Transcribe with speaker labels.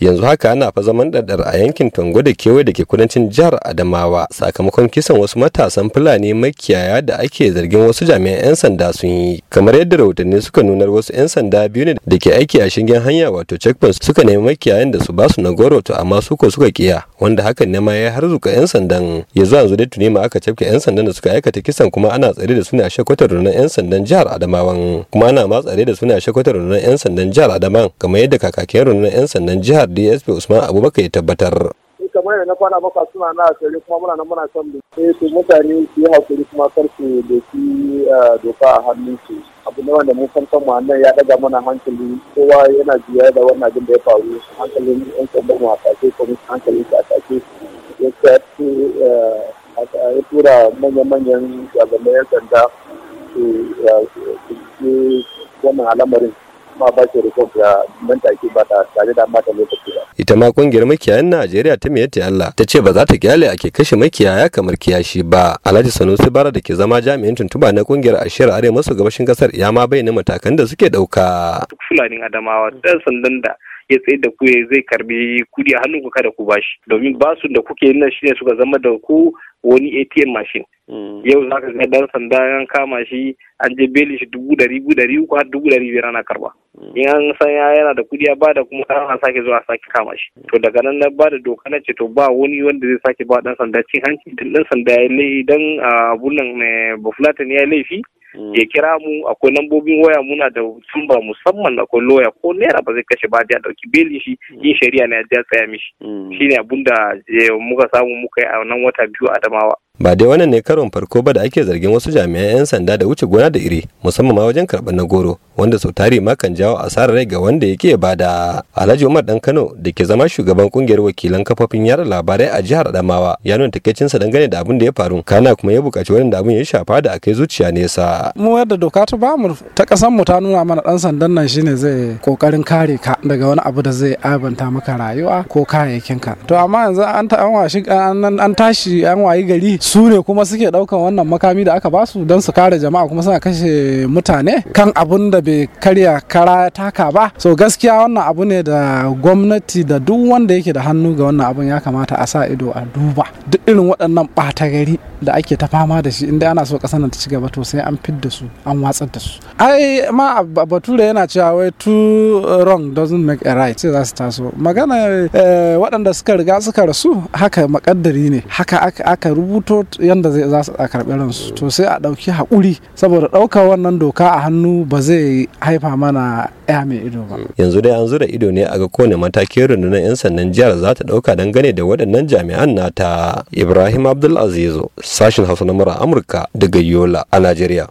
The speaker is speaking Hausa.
Speaker 1: yanzu haka ana fa zaman ɗaɗɗar a yankin tango da kewaye da ke kudancin jihar adamawa sakamakon kisan wasu matasan fulani makiyaya da ake zargin wasu jami'an 'yan sanda sun yi kamar yadda rahotanni suka nunar wasu 'yan sanda biyu ne da ke aiki a shingen hanya wato checkpoint suka nemi makiyayan da su ba su na goro to amma su ko suka kiya wanda hakan ne ma ya harzuka 'yan sandan ya zuwa yanzu dai tuni ma aka cafke 'yan sandan da suka aikata kisan kuma ana tsare da su ne a shakwatar rundunar 'yan sandan jihar adamawan kuma ana ma tsare da su ne a shakwatar rundunar 'yan sandan jihar adamawan kamar yadda kakakin rundunar 'yan sandan jihar jihar dsp usman abubakar ya tabbatar
Speaker 2: kamar yadda na kwana maka suna na asali kuma muna nan muna son bincike su mutane su yi hakuri kuma kar su doki doka a hannun su abu ne wanda mun san mu nan ya daga mana hankali kowa yana jiya da wannan abin da ya faru hankalin yan sandan mu a sake kuma hankalin su a sake ya ya tura manya-manyan shugabannin yan sanda su wannan al'amarin kuma ba shi rikon da nan take ba ta tare da mata lokaci ba
Speaker 1: ita ma kungiyar makiyayan Najeriya ta miyatti Allah ta ce ba za ta kyale ake kashe makiyaya kamar kiyashi ba Alhaji Sanusi Bara da ke zama jami'in tuntuba na kungiyar Ashir Arewa maso gabashin kasar ya ma bayyana matakan da suke dauka
Speaker 3: Fulani Adamawa dan sandan da ya tsaye da ku zai karbi kudi a hannun ku kada ku bashi domin basu da kuke nan shine suka zama da ku wani ATM machine hmm. yau za ka ga dan sandan an kama shi an je beli shi dubu dari dubu dari uku har dubu dari biyar ana karba in an san ya yana da kudi ya ba da kuma an sake zuwa sake kama shi to daga nan na ba da doka na ce to ba wani wanda zai sake ba dan sanda cin hanci din dan sanda ya lai dan abun nan ya laifi mm. ya kira mu akwai lambobin waya muna da tumba musamman akwai loya ko naira ba zai kashe ba ya dauki belin shi yin mm. shari'a na ya tsaya mishi mm. shine abun da eh, muka samu muka yi a nan wata biyu a adamawa
Speaker 1: ba dai wannan ne karon farko ba da ake zargin wasu jami'an 'yan sanda da wuce gona da iri musamman ma wajen karɓar na goro wanda sau tari ma kan jawo asarar rai ga wanda yake ba da alhaji umar dan kano da ke zama shugaban kungiyar wakilan kafofin yada labarai a jihar adamawa ya nuna takaicinsa dangane da abin da ya faru kana kuma ya buƙaci wani da abin ya shafa da akai zuciya nesa
Speaker 4: mu yadda doka ta bamu ta ƙasan mu ta nuna mana dan sandan nan shine zai ƙoƙarin kare ka daga wani abu da zai abanta maka rayuwa ko kayayyakin ka to amma yanzu an an an tashi an wayi gari su ne kuma suke daukan wannan makami da aka basu don su kare jama'a kuma suna kashe mutane kan abun da bai karya kara taka ba so gaskiya wannan abu ne da gwamnati da duk wanda yake da hannu ga wannan abun ya kamata a sa ido a duba duk irin waɗannan ɓata gari da ake ta fama da shi inda ana so ƙasar nan ta ci gaba to sai an da su an watsar da su ai ma bature yana cewa wai two wrong doesn't make a right sai za su taso magana eh, waɗanda suka riga suka rasu haka makaddari ne haka aka rubuto fito yadda za su karɓi ransu to sai a ɗauki haƙuri saboda ɗaukar wannan doka a hannu ba zai haifa mana ya mai ido ba
Speaker 1: yanzu dai an zura ido ne a ga kowane matakin rundunar 'yan sandan jihar za ta ɗauka dangane da waɗannan jami'an nata ibrahim abdulaziz sashin hausa na mura amurka daga yola a najeriya